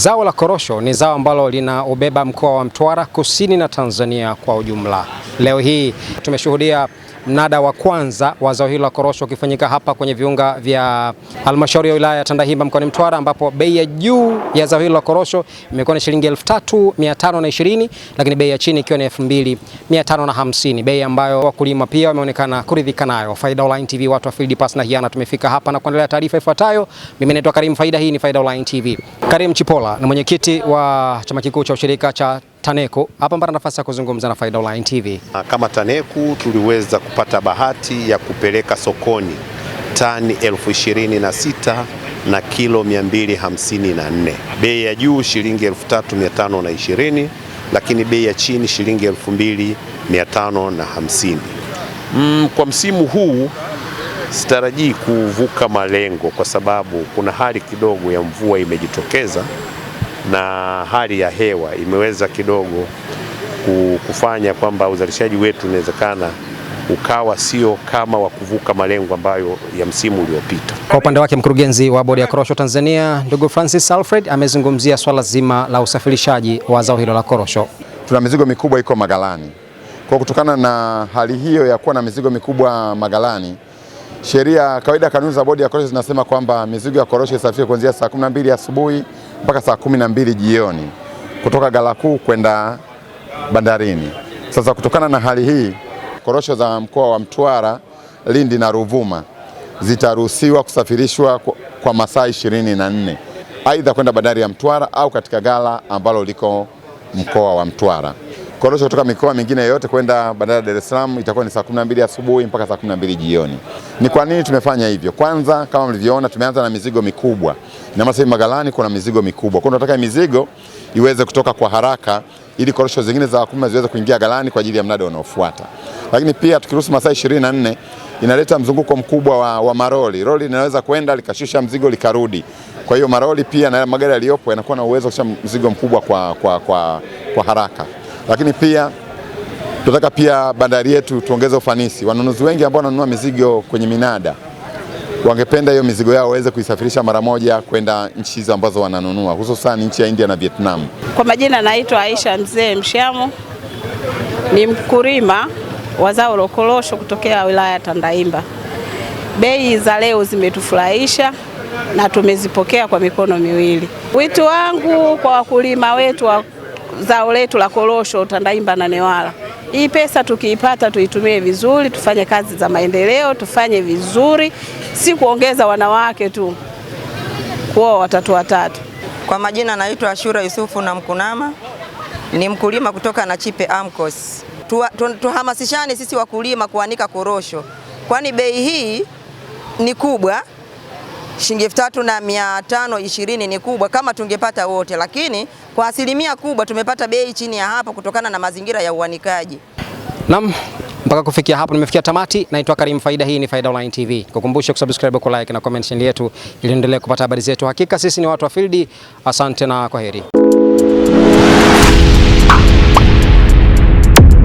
Zao la korosho ni zao ambalo linaubeba mkoa wa Mtwara kusini na Tanzania kwa ujumla. Leo hii tumeshuhudia mnada wa kwanza wa zao hilo la korosho ukifanyika hapa kwenye viunga vya halmashauri ya wilaya ya Tandahimba mkoani Mtwara, ambapo bei ya juu ya zao hilo la korosho imekuwa ni shilingi 3520 lakini bei ya chini ikiwa ni 2550 bei ambayo wakulima pia wameonekana kuridhika nayo. Faida Online TV, watu wa Field Pass na Hiana, tumefika hapa na kuendelea taarifa ifuatayo. Mimi naitwa Karim Faida, hii ni Faida Online TV. Karim Chipola ni mwenyekiti wa chama kikuu cha ushirika cha TANECU hapa mpata nafasi ya kuzungumza na Faida Online TV. Ah, kama TANECU tuliweza kupata bahati ya kupeleka sokoni tani elfu ishirini na sita na kilo 254, bei ya juu shilingi 3520, lakini bei ya chini shilingi 2550. Mm, kwa msimu huu sitarajii kuvuka malengo kwa sababu kuna hali kidogo ya mvua imejitokeza na hali ya hewa imeweza kidogo kufanya kwamba uzalishaji wetu unawezekana ukawa sio kama wa kuvuka malengo ambayo ya msimu uliopita. Kwa upande wake, mkurugenzi wa bodi ya korosho Tanzania ndugu Francis Alfred amezungumzia swala zima la usafirishaji wa zao hilo la korosho. Tuna mizigo mikubwa iko magalani. Kwa kutokana na hali hiyo ya kuwa na mizigo mikubwa magalani, sheria kawaida, kanuni za bodi ya korosho zinasema kwamba mizigo ya korosho isafiri kuanzia saa 12 asubuhi mpaka saa kumi na mbili jioni kutoka gala kuu kwenda bandarini. Sasa kutokana na hali hii, korosho za mkoa wa Mtwara, Lindi na Ruvuma zitaruhusiwa kusafirishwa kwa masaa ishirini na nne aidha kwenda bandari ya Mtwara au katika gala ambalo liko mkoa wa Mtwara korosho kutoka mikoa mingine yote kwenda bandari ya Dar es Salaam itakuwa ni saa 12 asubuhi mpaka saa 12 jioni. Ni kwa nini tumefanya hivyo? Kwanza, kama mlivyoona, tumeanza na mizigo mikubwa na sasa magalani kuna mizigo mikubwa, kwa hiyo tunataka mizigo iweze kutoka kwa haraka ili korosho zingine za wakulima ziweze kuingia galani kwa ajili ya mnada unaofuata. Lakini pia tukiruhusu masaa 24 inaleta mzunguko mkubwa wa, wa maroli. Roli linaweza kwenda likashusha mzigo likarudi, kwa hiyo maroli pia na magari yaliyopo yanakuwa na uwezo kushusha mzigo mkubwa kwa, kwa, kwa, kwa haraka lakini pia tunataka pia bandari yetu tuongeze ufanisi. Wanunuzi wengi ambao wananunua mizigo kwenye minada wangependa hiyo mizigo yao waweze kuisafirisha mara moja kwenda nchi hizo ambazo wananunua, hususan nchi ya India na Vietnam. Kwa majina naitwa Aisha Mzee mshamu ni mkulima wa zao la korosho kutokea wilaya ya Tandaimba. Bei za leo zimetufurahisha na tumezipokea kwa mikono miwili. Wito wangu kwa wakulima wetu wa zao letu la korosho, tandaimba na newala. Hii pesa tukiipata tuitumie vizuri, tufanye kazi za maendeleo, tufanye vizuri, si kuongeza wanawake tu kuoa watatu watatu. Kwa majina naitwa Ashura Yusufu na Mkunama, ni mkulima kutoka Nachipe AMCOS. Tuhamasishane sisi wakulima kuanika korosho, kwani bei hii ni kubwa shilingi elfu tatu na mia tano ishirini ni kubwa kama tungepata wote, lakini kwa asilimia kubwa tumepata bei chini ya hapo kutokana na mazingira ya uanikaji. Naam, mpaka kufikia hapo nimefikia tamati. Naitwa Karim Faida, hii ni Faida Online TV. Kukumbusha kusubscribe, ku like na comment yetu ili endelee kupata habari zetu. Hakika sisi ni watu wa field. Asante na kwaheri.